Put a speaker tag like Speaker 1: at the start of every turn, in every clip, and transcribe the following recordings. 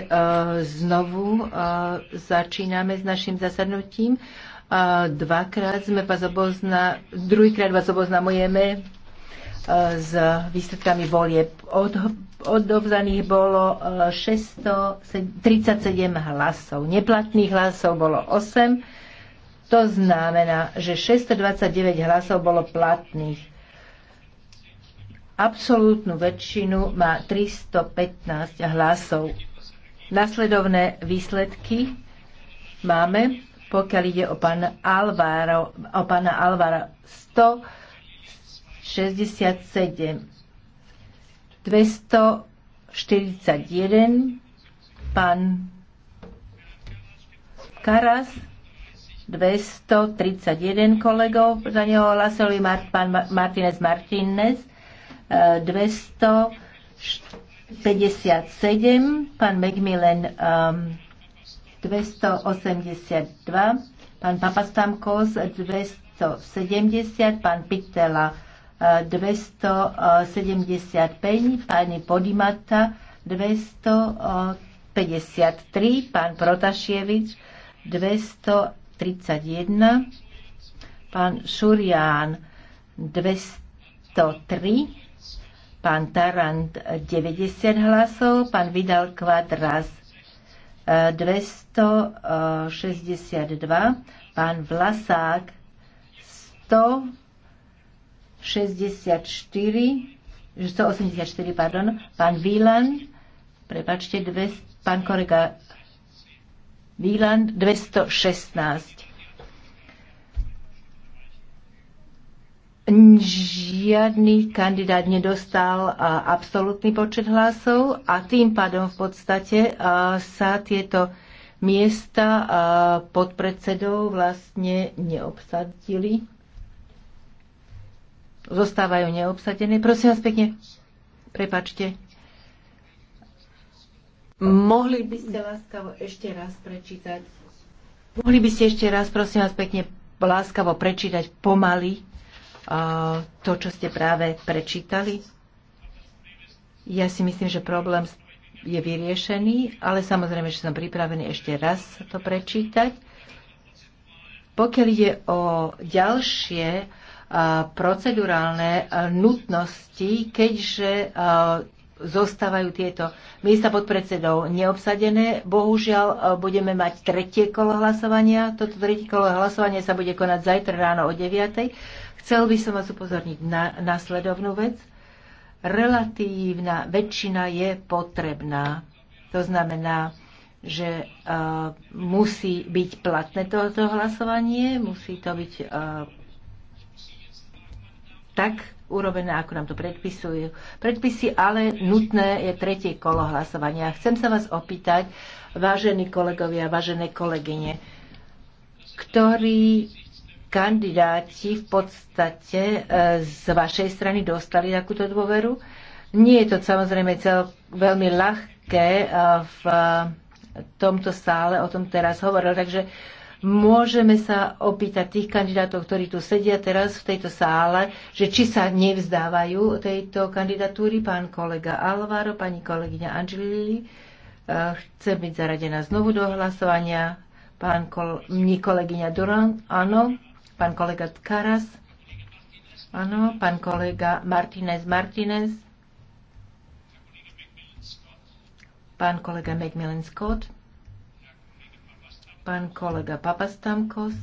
Speaker 1: Eh, znovu eh, začíname s našim zasadnutím. Eh, dvakrát sme vás obozna, druhýkrát vás oboznamujeme s výsledkami volie. Od, odovzaných bolo 637 hlasov. Neplatných hlasov bolo 8. To znamená, že 629 hlasov bolo platných absolútnu väčšinu má 315 hlasov. Nasledovné výsledky máme, pokiaľ ide o, pán Alvaro, o pána Alvara 167, 241, pán Karas 231 kolegov, za neho hlasovali Mart, pán Martinez Martinez 200 eh, 57, pán Macmillan um, 282, pán Papastamkos 270, pán Pitela 275, uh, pani Podimata 253, pán Protašievič 231, pán Šurián 203, pán Tarant 90 hlasov, pán Vidal raz 262, eh, eh, pán Vlasák 164, 184, pardon, pán Výlan, prepačte, pán kolega Výlan 216. žiadny kandidát nedostal absolútny počet hlasov a tým pádom v podstate sa tieto miesta pod predsedou vlastne neobsadili. Zostávajú neobsadené. Prosím vás pekne, prepačte. Mohli by ste láskavo ešte raz prečítať. Mohli by ste ešte raz, prosím vás pekne, láskavo prečítať pomaly to, čo ste práve prečítali? Ja si myslím, že problém je vyriešený, ale samozrejme, že som pripravený ešte raz to prečítať. Pokiaľ ide o ďalšie procedurálne nutnosti, keďže zostávajú tieto miesta pod predsedou neobsadené. Bohužiaľ, budeme mať tretie kolo hlasovania. Toto tretie kolo hlasovania sa bude konať zajtra ráno o 9. Chcel by som vás upozorniť na nasledovnú vec. Relatívna väčšina je potrebná. To znamená, že uh, musí byť platné toto hlasovanie, musí to byť uh, tak urobené, ako nám to predpisujú predpisy, ale nutné je tretie kolo hlasovania. Chcem sa vás opýtať, vážení kolegovia, vážené kolegyne, ktorí kandidáti v podstate e, z vašej strany dostali takúto dôveru. Nie je to samozrejme cel, veľmi ľahké e, v e, tomto sále, o tom teraz hovoril, takže môžeme sa opýtať tých kandidátov, ktorí tu sedia teraz v tejto sále, že či sa nevzdávajú tejto kandidatúry. Pán kolega Alvaro, pani kolegyňa Angelili chce byť zaradená znovu do hlasovania. Pán kol- kolegyňa Duran, áno. Pán kolega Karas. Áno, pán kolega Martinez Martinez. Pán kolega Macmillan Scott. Pán kolega Papastamkos.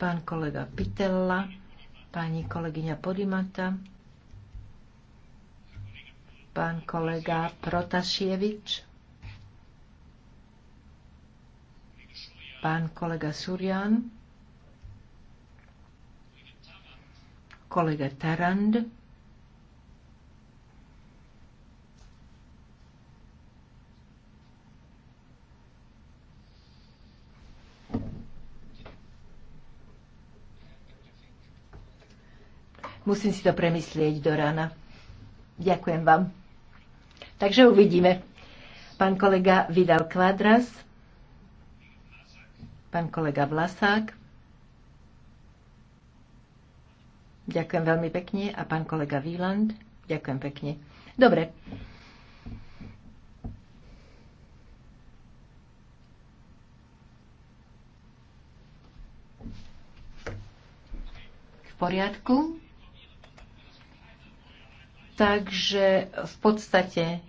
Speaker 1: Pán kolega Pitella. Pani kolegyňa Podimata. Pán kolega Protašievič Pán kolega Surian, kolega Tarand, Musím si to premyslieť do rána. Ďakujem vám. Takže uvidíme. Pán kolega Vidal Kvadras. Pán kolega Vlasák. Ďakujem veľmi pekne. A pán kolega Výland. Ďakujem pekne. Dobre. V poriadku. Takže v podstate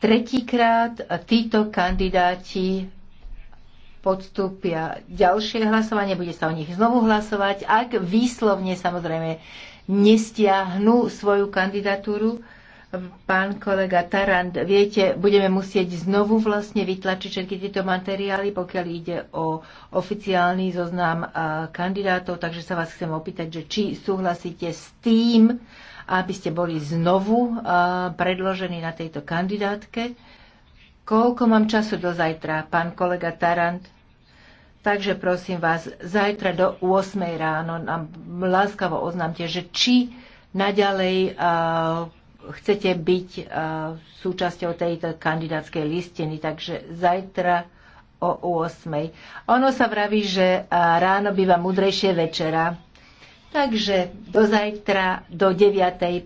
Speaker 1: tretíkrát títo kandidáti podstúpia ďalšie hlasovanie, bude sa o nich znovu hlasovať, ak výslovne samozrejme nestiahnu svoju kandidatúru. Pán kolega Tarant, viete, budeme musieť znovu vlastne vytlačiť všetky tieto materiály, pokiaľ ide o oficiálny zoznam kandidátov, takže sa vás chcem opýtať, že či súhlasíte s tým, aby ste boli znovu predložení na tejto kandidátke. Koľko mám času do zajtra, pán kolega Tarant? Takže prosím vás, zajtra do 8 ráno nám láskavo oznámte, že či naďalej uh, chcete byť uh, súčasťou tejto kandidátskej listiny. Takže zajtra o 8. Ono sa vraví, že eh, ráno býva mudrejšie večera. Takže do zajtra, do 9.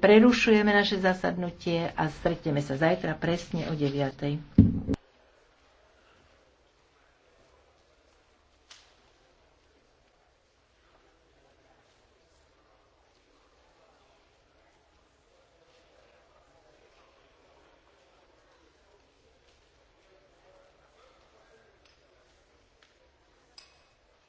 Speaker 1: prerušujeme naše zasadnutie a stretneme sa zajtra presne o 9.